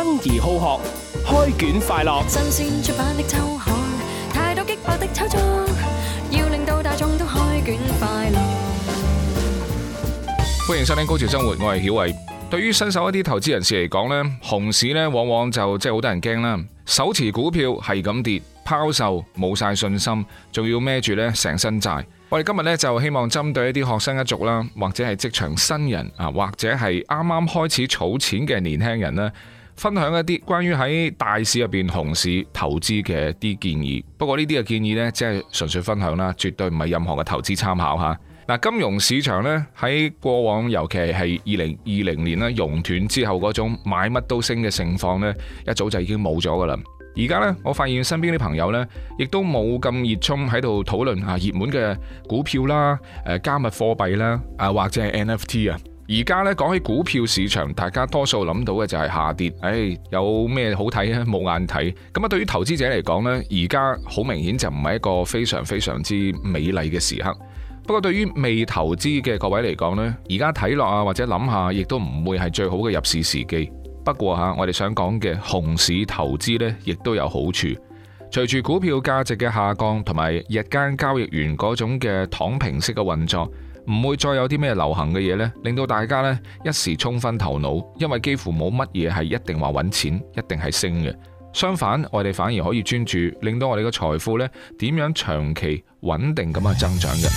溫而好學，開卷快樂。新鮮出版的周刊，太多激烈的炒作，要令到大眾都開卷快樂。歡迎收聽《高潮生活》，我係曉偉。對於新手一啲投資人士嚟講呢，熊市呢往往就即係好多人驚啦。手持股票係咁跌，拋售冇晒信心，仲要孭住呢成身債。我哋今日呢就希望針對一啲學生一族啦，或者係職場新人啊，或者係啱啱開始儲錢嘅年輕人呢。分享一啲關於喺大市入邊熊市投資嘅啲建議，不過呢啲嘅建議呢，即係純粹分享啦，絕對唔係任何嘅投資參考嚇。嗱，金融市場呢，喺過往，尤其係二零二零年啦，熔斷之後嗰種買乜都升嘅情況呢，一早就已經冇咗噶啦。而家呢，我發現身邊啲朋友呢，亦都冇咁熱衷喺度討論下熱門嘅股票啦、誒加密貨幣啦、啊或者係 NFT 啊。而家呢講起股票市場，大家多數諗到嘅就係下跌。唉、哎，有咩好睇啊？冇眼睇。咁啊，對於投資者嚟講呢，而家好明顯就唔係一個非常非常之美麗嘅時刻。不過對於未投資嘅各位嚟講呢，而家睇落啊或者諗下，亦都唔會係最好嘅入市時機。不過吓，我哋想講嘅熊市投資呢，亦都有好處。隨住股票價值嘅下降，同埋日間交易員嗰種嘅躺平式嘅運作。唔會再有啲咩流行嘅嘢呢，令到大家呢一時沖昏頭腦，因為幾乎冇乜嘢係一定話揾錢，一定係升嘅。相反，我哋反而可以專注，令到我哋嘅財富呢點樣長期穩定咁去增長嘅。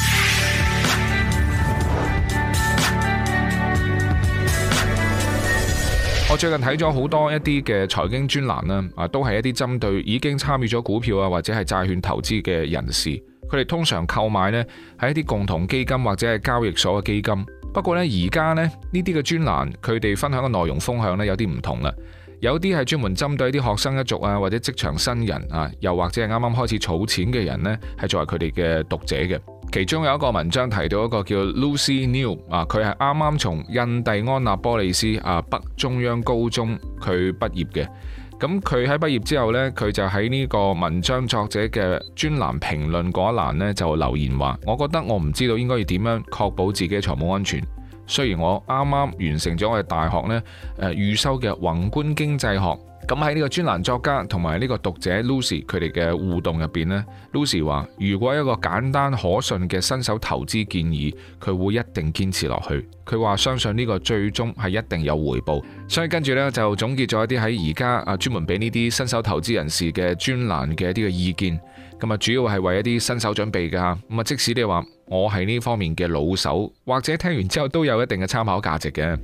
我最近睇咗好多一啲嘅財經專欄啦，啊，都係一啲針對已經參與咗股票啊或者係債券投資嘅人士。佢哋通常購買呢係一啲共同基金或者係交易所嘅基金。不過呢，而家呢呢啲嘅專欄，佢哋分享嘅內容風向呢有啲唔同啦。有啲係專門針對啲學生一族啊，或者職場新人啊，又或者係啱啱開始儲錢嘅人呢係作為佢哋嘅讀者嘅。其中有一個文章提到一個叫 Lucy New 啊，佢係啱啱從印第安納波利斯啊北中央高中佢畢業嘅。咁佢喺畢業之後呢，佢就喺呢個文章作者嘅專欄評論嗰一欄呢，就留言話，我覺得我唔知道應該要點樣確保自己嘅財務安全。雖然我啱啱完成咗我哋大學呢，預修嘅宏觀經濟學。咁喺呢個專欄作家同埋呢個讀者 Lucy 佢哋嘅互動入邊呢，Lucy 話如果一個簡單可信嘅新手投資建議，佢會一定堅持落去。佢話相信呢個最終係一定有回報。所以跟住呢，就總結咗一啲喺而家啊專門俾呢啲新手投資人士嘅專欄嘅一啲嘅意見，咁啊主要係為一啲新手準備噶。咁啊即使你話我係呢方面嘅老手，或者聽完之後都有一定嘅參考價值嘅。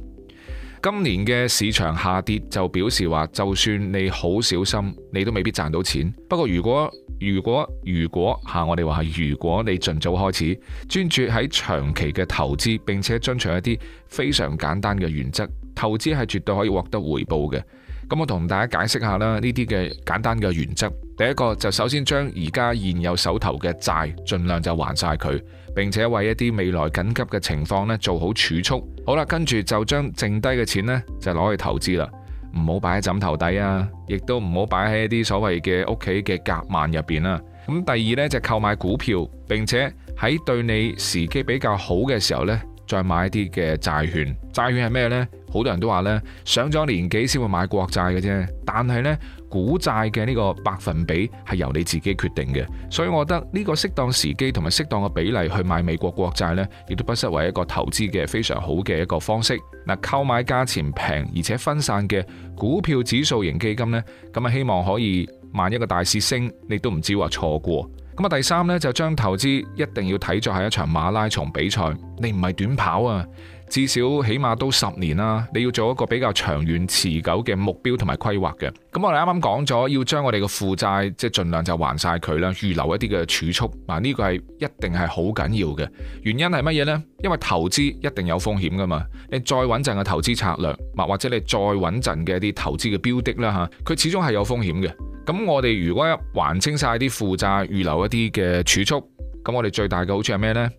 今年嘅市場下跌就表示話，就算你好小心，你都未必賺到錢。不過如，如果如果如果嚇我哋話係，如果，如果你盡早開始，專注喺長期嘅投資，並且遵循一啲非常簡單嘅原則，投資係絕對可以獲得回報嘅。咁我同大家解釋下啦，呢啲嘅簡單嘅原則。第一個就首先將而家現有手頭嘅債盡量就還晒佢，並且為一啲未來緊急嘅情況呢做好儲蓄。好啦，跟住就將剩低嘅錢呢就攞去投資啦，唔好擺喺枕頭底啊，亦都唔好擺喺一啲所謂嘅屋企嘅夾萬入邊啦。咁第二呢，就購買股票，並且喺對你時機比較好嘅時候呢，再買一啲嘅債券。債券係咩呢？好多人都話呢，上咗年紀先會買國債嘅啫。但係呢，股債嘅呢個百分比係由你自己決定嘅。所以，我覺得呢個適當時機同埋適當嘅比例去買美國國債呢，亦都不失為一個投資嘅非常好嘅一個方式。嗱，購買價錢平而且分散嘅股票指數型基金呢，咁啊希望可以，萬一個大市升，你都唔知話錯過。咁啊，第三呢，就將投資一定要睇作係一場馬拉松比賽，你唔係短跑啊！至少起碼都十年啦。你要做一個比較長遠持久嘅目標同埋規劃嘅。咁我哋啱啱講咗，要將我哋嘅負債即係盡量就還晒佢啦，預留一啲嘅儲蓄嗱，呢個係一定係好緊要嘅。原因係乜嘢呢？因為投資一定有風險噶嘛。你再穩陣嘅投資策略，或者你再穩陣嘅一啲投資嘅標的啦，吓，啊，佢始終係有風險嘅。咁我哋如果還清晒啲負債，預留一啲嘅儲蓄，咁我哋最大嘅好處係咩呢？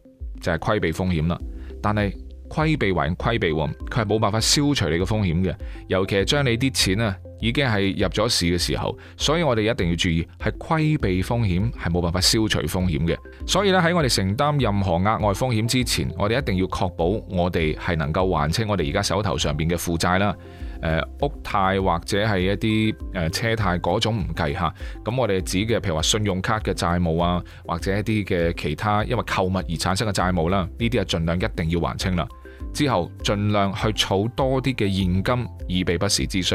就係規避風險啦。但係。規避還規避，佢係冇辦法消除你嘅風險嘅，尤其係將你啲錢啊，已經係入咗市嘅時候，所以我哋一定要注意，係規避風險係冇辦法消除風險嘅。所以咧，喺我哋承擔任何額外風險之前，我哋一定要確保我哋係能夠還清我哋而家手頭上邊嘅負債啦、呃，屋貸或者係一啲誒車貸嗰種唔計吓，咁我哋指嘅譬如話信用卡嘅債務啊，或者一啲嘅其他因為購物而產生嘅債務啦、啊，呢啲啊盡量一定要還清啦。之後盡量去儲多啲嘅現金以備不時之需。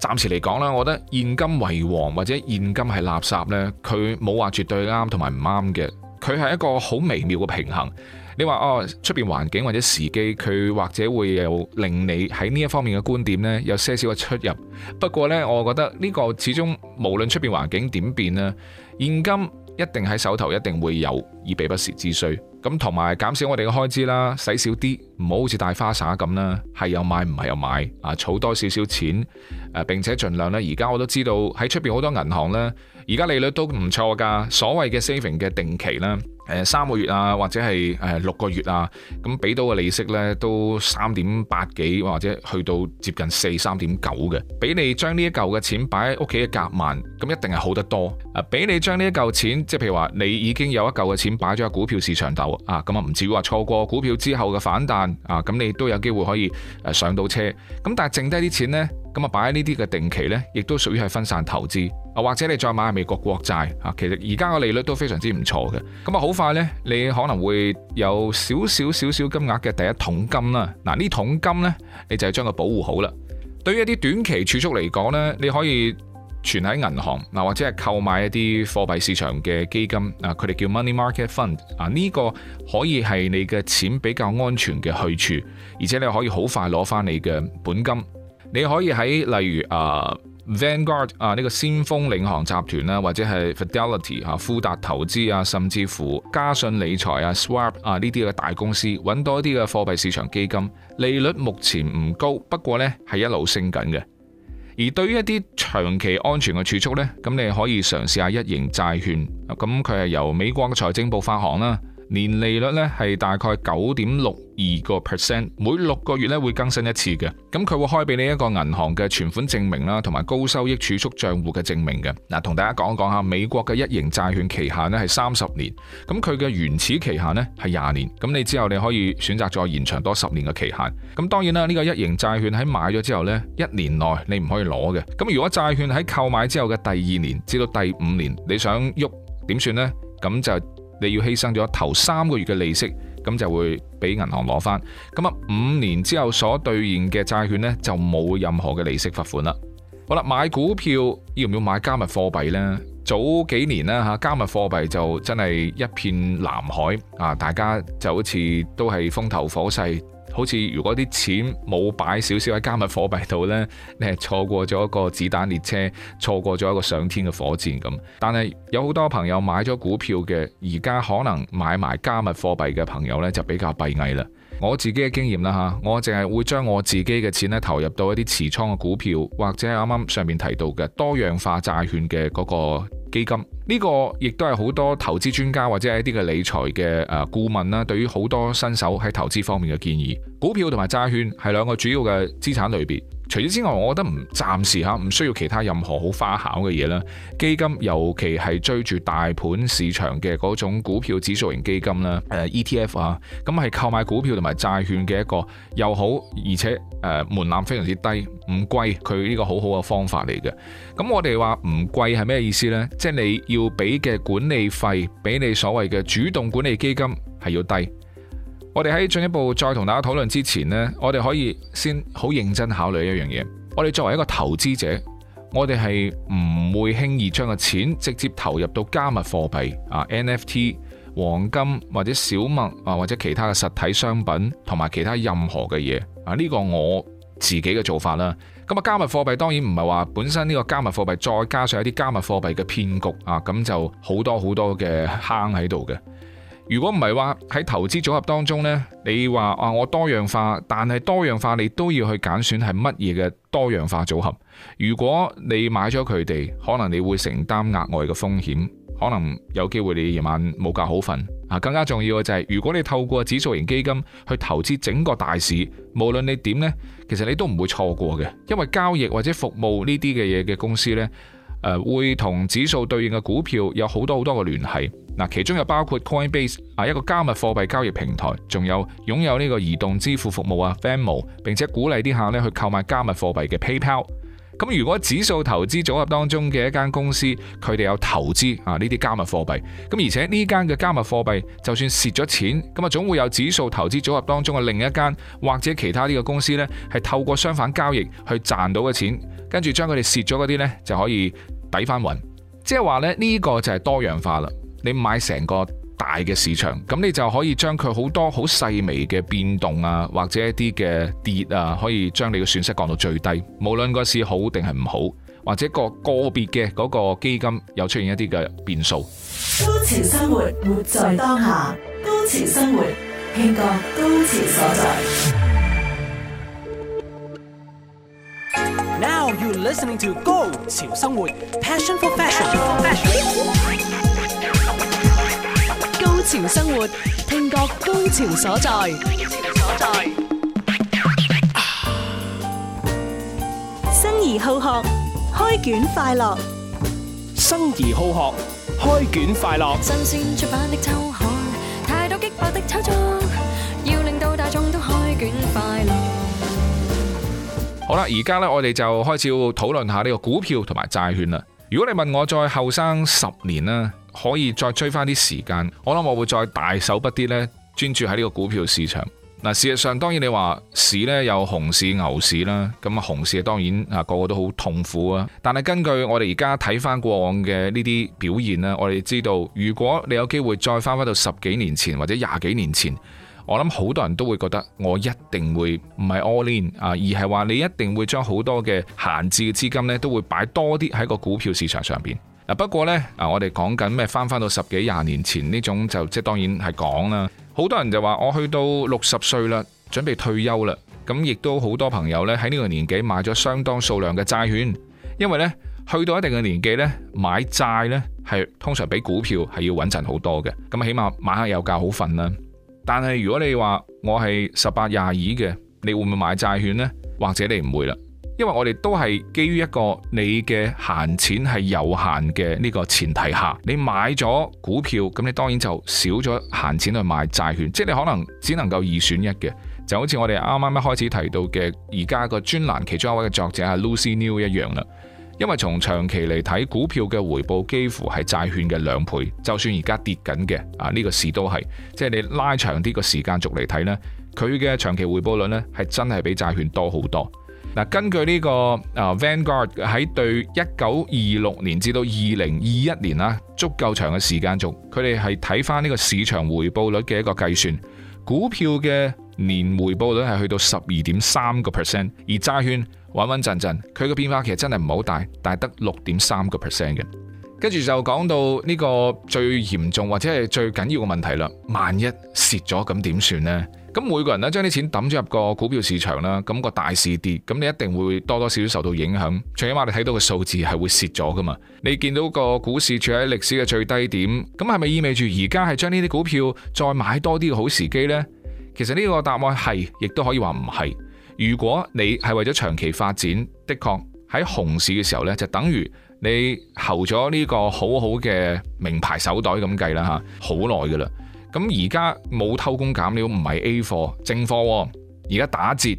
暫時嚟講啦，我覺得現金為王或者現金係垃圾呢，佢冇話絕對啱同埋唔啱嘅，佢係一個好微妙嘅平衡。你話哦，出面環境或者時機，佢或者會有令你喺呢一方面嘅觀點呢，有些少嘅出入。不過呢，我覺得呢個始終無論出面環境點變呢，現金一定喺手頭一定會有以備不時之需。咁同埋減少我哋嘅開支啦，使少啲，唔好好似大花灑咁啦，係又買唔係又買，啊，儲多少少錢，誒並且盡量咧，而家我都知道喺出邊好多銀行呢，而家利率都唔錯噶，所謂嘅 saving 嘅定期啦。三個月啊，或者係誒六個月啊，咁俾到嘅利息呢，都三點八幾，或者去到接近四三點九嘅，俾你將呢一嚿嘅錢擺喺屋企嘅夾萬，咁一定係好得多。啊，俾你將呢一嚿錢，即係譬如話你已經有一嚿嘅錢擺咗喺股票市場度啊，咁啊唔至於話錯過股票之後嘅反彈啊，咁你都有機會可以上到車。咁但係剩低啲錢呢？咁啊，擺喺呢啲嘅定期呢，亦都屬於係分散投資啊。或者你再買美國國債啊，其實而家個利率都非常之唔錯嘅。咁啊，好快呢，你可能會有少少少少金額嘅第一桶金啦。嗱，呢桶金呢，你就係將佢保護好啦。對於一啲短期儲蓄嚟講呢，你可以存喺銀行啊，或者係購買一啲貨幣市場嘅基金啊，佢哋叫 Money Market Fund 啊。呢個可以係你嘅錢比較安全嘅去處，而且你可以好快攞翻你嘅本金。你可以喺例如啊、uh, Vanguard 啊、uh, 呢個先鋒領航集團啦，或者係 Fidelity 嚇、uh, 富達投資啊，甚至乎嘉信理財啊 Schwab 啊呢啲嘅大公司揾多啲嘅貨幣市場基金利率目前唔高，不過呢係一路升緊嘅。而對於一啲長期安全嘅儲蓄呢，咁你可以嘗試下一型債券，咁佢係由美國嘅財政部發行啦。年利率咧係大概九點六二個 percent，每六個月咧會更新一次嘅。咁佢會開俾你一個銀行嘅存款證明啦，同埋高收益儲蓄賬戶嘅證明嘅。嗱，同大家講講下美國嘅一型債券期限咧係三十年，咁佢嘅原始期限呢係廿年，咁你之後你可以選擇再延長多十年嘅期限。咁當然啦，呢個一型債券喺買咗之後呢一年內你唔可以攞嘅。咁如果債券喺購買之後嘅第二年至到第五年，你想喐點算呢？咁就你要犧牲咗頭三個月嘅利息，咁就會俾銀行攞返。咁啊五年之後所兌現嘅債券呢，就冇任何嘅利息罰款啦。好啦，買股票要唔要買加密貨幣呢？早幾年啦嚇，加密貨幣就真係一片藍海啊，大家就好似都係風頭火勢。好似如果啲錢冇擺少少喺加密貨幣度呢，你係錯過咗一個子彈列車，錯過咗一個上天嘅火箭咁。但係有好多朋友買咗股票嘅，而家可能買埋加密貨幣嘅朋友呢，就比較閉翳啦。我自己嘅經驗啦吓，我淨係會將我自己嘅錢咧投入到一啲持倉嘅股票，或者係啱啱上面提到嘅多樣化債券嘅嗰個基金。呢個亦都係好多投資專家或者係一啲嘅理財嘅誒顧問啦，對於好多新手喺投資方面嘅建議，股票同埋債券係兩個主要嘅資產類別。除此之外，我覺得唔暫時嚇唔需要其他任何好花巧嘅嘢啦。基金尤其係追住大盤市場嘅嗰種股票指數型基金啦，誒 ETF 啊，咁係購買股票同埋債券嘅一個又好，而且誒門檻非常之低，唔貴。佢呢個好好嘅方法嚟嘅。咁我哋話唔貴係咩意思呢？即係你要俾嘅管理費俾你所謂嘅主動管理基金係要低。我哋喺進一步再同大家討論之前呢，我哋可以先好認真考慮一樣嘢。我哋作為一個投資者，我哋係唔會輕易將個錢直接投入到加密貨幣啊、NFT、黃金或者小麥啊或者其他嘅實體商品同埋其他任何嘅嘢啊。呢個我自己嘅做法啦。咁啊，加密貨幣當然唔係話本身呢個加密貨幣，再加上一啲加密貨幣嘅騙局啊，咁就好多好多嘅坑喺度嘅。如果唔係話喺投資組合當中呢，你話啊我多樣化，但係多樣化你都要去揀選係乜嘢嘅多樣化組合。如果你買咗佢哋，可能你會承擔額外嘅風險，可能有機會你夜晚冇覺好瞓啊。更加重要嘅就係，如果你透過指數型基金去投資整個大市，無論你點呢，其實你都唔會錯過嘅，因為交易或者服務呢啲嘅嘢嘅公司呢，誒會同指數對應嘅股票有好多好多嘅聯繫，嗱，其中又包括 Coinbase 啊，一個加密貨幣交易平台，仲有擁有呢個移動支付服務啊 Venmo，並且鼓勵啲客咧去購買加密貨幣嘅 PayPal。咁如果指數投資組合當中嘅一間公司，佢哋有投資啊呢啲加密貨幣，咁而且呢間嘅加密貨幣就算蝕咗錢，咁啊總會有指數投資組合當中嘅另一間或者其他啲嘅公司呢，係透過相反交易去賺到嘅錢，跟住將佢哋蝕咗嗰啲呢，就可以抵返雲，即係話咧呢個就係多元化啦。你買成個大嘅市場，咁你就可以將佢好多好細微嘅變動啊，或者一啲嘅跌啊，可以將你嘅損失降到最低。無論個市好定係唔好，或者個個別嘅嗰個基金又出現一啲嘅變數。高潮生活，活在當下。高潮生活，聽覺高潮所在。Now you listening to 高潮生活，passion for fashion。潮生活，聽覺高潮所在。高潮所在。生而好學，開卷快樂。生而好學，開卷快樂。新鮮出版的秋刊，太多激發的炒作，要令到大眾都開卷快樂。好啦，而家咧，我哋就開始要討論下呢個股票同埋債券啦。如果你問我再後生十年啦，可以再追翻啲時間，我諗我會再大手筆啲呢，專注喺呢個股票市場。嗱，事實上當然你話市呢有熊市、牛市啦，咁、嗯、啊熊市當然啊個個都好痛苦啊。但係根據我哋而家睇翻過往嘅呢啲表現呢，我哋知道如果你有機會再翻翻到十幾年前或者廿幾年前，我諗好多人都會覺得我一定會唔係 all in 啊，而係話你一定會將好多嘅閒置嘅資金呢，都會擺多啲喺個股票市場上邊。嗱，不過呢，啊，我哋講緊咩？翻翻到十幾廿年前呢種就即係當然係講啦。好多人就話，我去到六十歲啦，準備退休啦。咁亦都好多朋友呢，喺呢個年紀買咗相當數量嘅債券，因為呢，去到一定嘅年紀呢，買債呢係通常比股票係要穩陣好多嘅。咁起碼晚黑有覺好瞓啦。但係如果你話我係十八廿二嘅，你會唔會買債券呢？或者你唔會啦？因為我哋都係基於一個你嘅閒錢係有限嘅呢個前提下，你買咗股票，咁你當然就少咗閒錢去買債券，即係你可能只能夠二選一嘅。就好似我哋啱啱一開始提到嘅，而家個專欄其中一位嘅作者係 Lucy New 一樣啦。因為從長期嚟睇，股票嘅回報幾乎係債券嘅兩倍，就算而家跌緊嘅啊呢個市都係，即係你拉長啲個時間軸嚟睇呢，佢嘅長期回報率呢係真係比債券多好多。根據呢個 Vanguard 喺對一九二六年至到二零二一年啦，足夠長嘅時間中，佢哋係睇翻呢個市場回報率嘅一個計算，股票嘅年回報率係去到十二點三個 percent，而債券穩穩陣陣，佢嘅變化其實真係唔好大，但係得六點三個 percent 嘅。跟住就講到呢個最嚴重或者係最緊要嘅問題啦，萬一蝕咗咁點算呢？咁每個人呢，將啲錢抌咗入個股票市場啦，咁個大市跌，咁你一定會多多少少受到影響。最起碼你睇到個數字係會蝕咗噶嘛？你見到個股市處喺歷史嘅最低點，咁係咪意味住而家係將呢啲股票再買多啲嘅好時機呢？其實呢個答案係，亦都可以話唔係。如果你係為咗長期發展，的確喺熊市嘅時候呢，就等於你候咗呢個好好嘅名牌手袋咁計啦嚇，好耐噶啦。咁而家冇偷工減料，唔係 A 貨，正貨。而家打折，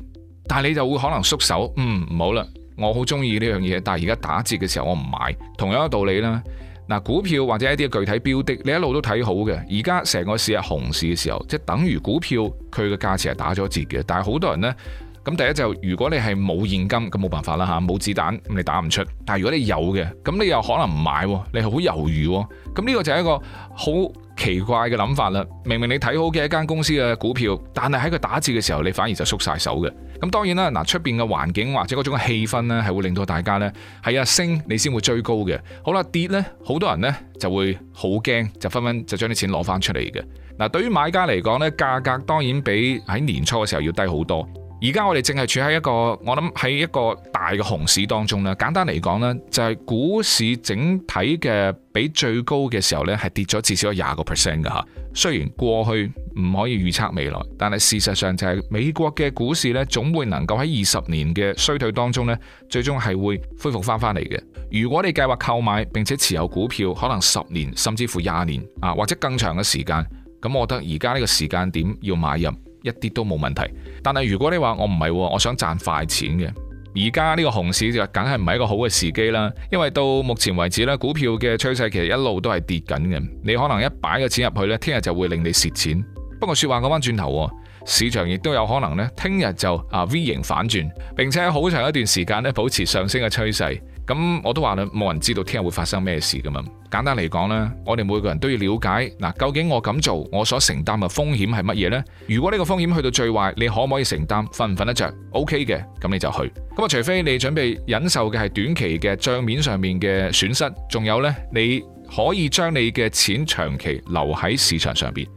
但係你就會可能縮手。嗯，唔好啦，我好中意呢樣嘢，但係而家打折嘅時候我唔買。同樣嘅道理啦。嗱，股票或者一啲具體標的，你一路都睇好嘅。而家成個市係熊市嘅時候，即等於股票佢嘅價錢係打咗折嘅。但係好多人呢，咁第一就係、如果你係冇現金，咁冇辦法啦嚇，冇子彈，咁你打唔出。但係如果你有嘅，咁你又可能唔買，你好猶豫。咁呢個就係一個好。奇怪嘅諗法啦，明明你睇好嘅一間公司嘅股票，但係喺佢打折嘅時候，你反而就縮晒手嘅。咁當然啦，嗱，出邊嘅環境或者嗰種氣氛呢，係會令到大家呢，係啊升，你先會追高嘅。好啦，跌呢，好多人呢就會好驚，就紛紛就將啲錢攞翻出嚟嘅。嗱，對於買家嚟講呢，價格當然比喺年初嘅時候要低好多。而家我哋正係處喺一個，我諗喺一個大嘅熊市當中咧。簡單嚟講呢就係股市整體嘅比最高嘅時候呢係跌咗至少有廿個 percent 㗎吓。雖然過去唔可以預測未來，但係事實上就係美國嘅股市呢，總會能夠喺二十年嘅衰退當中呢最終係會恢復翻翻嚟嘅。如果你計劃購買並且持有股票，可能十年甚至乎廿年啊，或者更長嘅時間，咁我覺得而家呢個時間點要買入。一啲都冇問題，但係如果你話我唔係喎，我想賺快錢嘅，而家呢個熊市就梗係唔係一個好嘅時機啦，因為到目前為止咧，股票嘅趨勢其實一路都係跌緊嘅，你可能一擺個錢入去呢，聽日就會令你蝕錢。不過説話講返轉頭喎，市場亦都有可能呢，聽日就啊 V 型反轉，並且好長一段時間呢，保持上升嘅趨勢。咁我都話啦，冇人知道聽日會發生咩事噶嘛。簡單嚟講啦，我哋每個人都要了解嗱，究竟我咁做我所承擔嘅風險係乜嘢咧？如果呢個風險去到最壞，你可唔可以承擔？瞓唔瞓得着？OK 嘅，咁你就去。咁啊，除非你準備忍受嘅係短期嘅賬面上面嘅損失，仲有呢，你可以將你嘅錢長期留喺市場上邊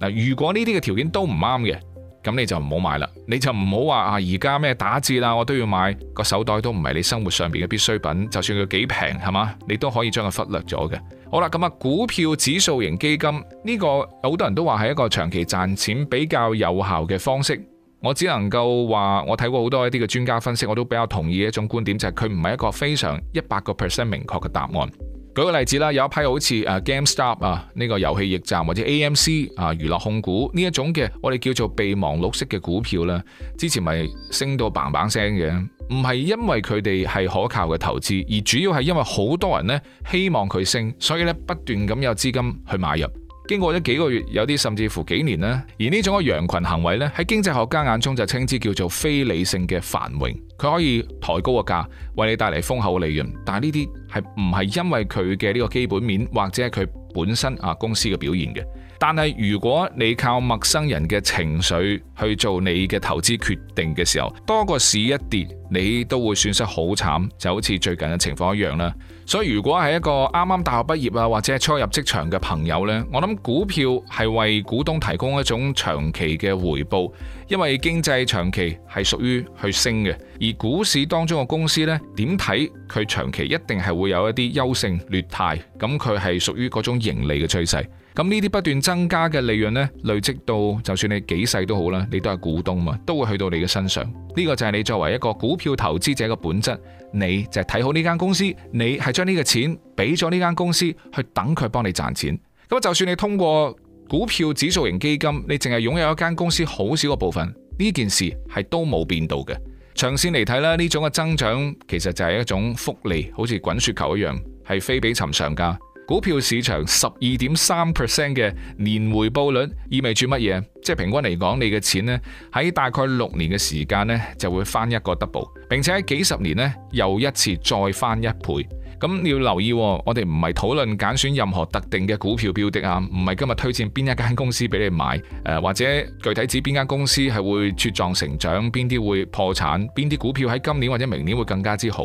嗱。如果呢啲嘅條件都唔啱嘅。咁你就唔好買啦，你就唔好話啊，而家咩打折啦，我都要買。個手袋都唔係你生活上邊嘅必需品，就算佢幾平係嘛，你都可以將佢忽略咗嘅。好啦，咁、嗯、啊，股票指數型基金呢、這個好多人都話係一個長期賺錢比較有效嘅方式，我只能夠話我睇過好多一啲嘅專家分析，我都比較同意一種觀點，就係佢唔係一個非常一百個 percent 明確嘅答案。舉個例子啦，有一批好似誒 GameStop 啊，呢、這個遊戲驛站或者 AMC 啊，娛樂控股呢一種嘅，我哋叫做備忘錄式嘅股票咧，之前咪升到棒棒聲嘅，唔係因為佢哋係可靠嘅投資，而主要係因為好多人呢希望佢升，所以呢不斷咁有資金去買入。經過咗幾個月，有啲甚至乎幾年啦。而呢種嘅羊群行為咧，喺經濟學家眼中就稱之叫做非理性嘅繁榮。佢可以抬高個價，為你帶嚟豐厚嘅利潤，但係呢啲係唔係因為佢嘅呢個基本面或者係佢本身啊公司嘅表現嘅。但係如果你靠陌生人嘅情緒去做你嘅投資決定嘅時候，多個市一跌，你都會損失好慘，就好似最近嘅情況一樣啦。所以如果係一個啱啱大學畢業啊，或者初入職場嘅朋友呢，我諗股票係為股東提供一種長期嘅回報，因為經濟長期係屬於去升嘅，而股市當中嘅公司呢，點睇佢長期一定係會有一啲優勝劣汰，咁佢係屬於嗰種盈利嘅趨勢。咁呢啲不斷增加嘅利潤咧，累積到就算你幾細都好啦，你都係股東嘛，都會去到你嘅身上。呢個就係你作為一個股票投資者嘅本質，你就係睇好呢間公司，你係將呢個錢俾咗呢間公司去等佢幫你賺錢。咁就算你通過股票指數型基金，你淨係擁有一間公司好少嘅部分，呢件事係都冇變到嘅。長線嚟睇啦，呢種嘅增長其實就係一種複利，好似滾雪球一樣，係非比尋常噶。股票市場十二點三 percent 嘅年回報率意味住乜嘢？即係平均嚟講，你嘅錢咧喺大概六年嘅時間咧就會翻一個 double，並且喺幾十年咧又一次再翻一倍。咁你要留意，我哋唔係討論揀選任何特定嘅股票標的啊，唔係今日推薦邊一間公司俾你買誒、呃，或者具體指邊間公司係會茁壯成長，邊啲會破產，邊啲股票喺今年或者明年會更加之好。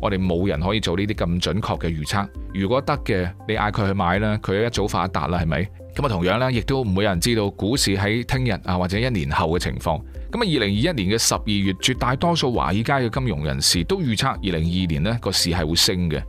我哋冇人可以做呢啲咁準確嘅預測。如果得嘅，你嗌佢去買啦，佢一早發達啦，係咪？咁啊，同樣呢，亦都唔會有人知道股市喺聽日啊，或者一年後嘅情況。咁啊，二零二一年嘅十二月，絕大多數華爾街嘅金融人士都預測二零二二年呢個市係會升嘅。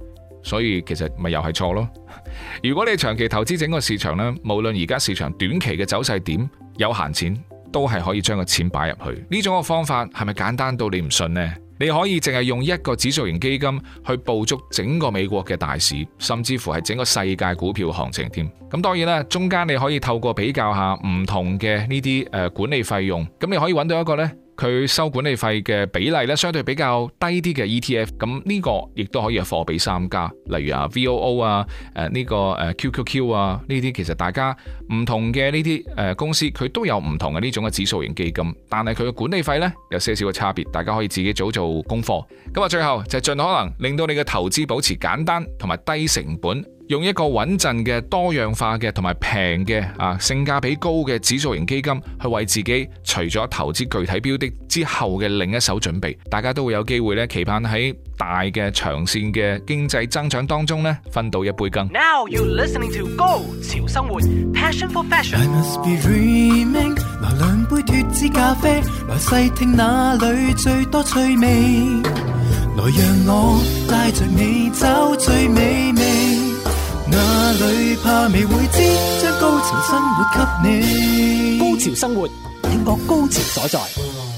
所以其實咪又係錯咯。 如果你長期投資整個市場呢，無論而家市場短期嘅走勢點，有閒錢都係可以將個錢擺入去。呢種個方法係咪簡單到你唔信呢？你可以淨係用一個指數型基金去捕捉整個美國嘅大市，甚至乎係整個世界股票行情添。咁當然啦，中間你可以透過比較下唔同嘅呢啲誒管理費用，咁你可以揾到一個呢。佢收管理費嘅比例咧，相對比較低啲嘅 ETF，咁呢個亦都可以係貨比三家，例如啊 VOO 啊，誒、這、呢個誒 QQQ 啊，呢啲其實大家唔同嘅呢啲誒公司，佢都有唔同嘅呢種嘅指數型基金，但係佢嘅管理費呢，有些少嘅差別，大家可以自己做做功課。咁啊，最後就盡可能令到你嘅投資保持簡單同埋低成本。用一個穩陣嘅、多樣化嘅同埋平嘅啊，性價比高嘅指數型基金去為自己，除咗投資具體標的之後嘅另一手準備，大家都會有機會咧，期盼喺大嘅長線嘅經濟增長當中呢，分到一杯羹。Now you listening to go，passion for fashion，shall us be dreaming。潮生活嗱兩杯脫脂咖啡，來細聽那裏最多趣味，來讓我帶着你走最美味。哪裏怕未會知？將高潮生活給你。高潮生活，聽覺高潮所在。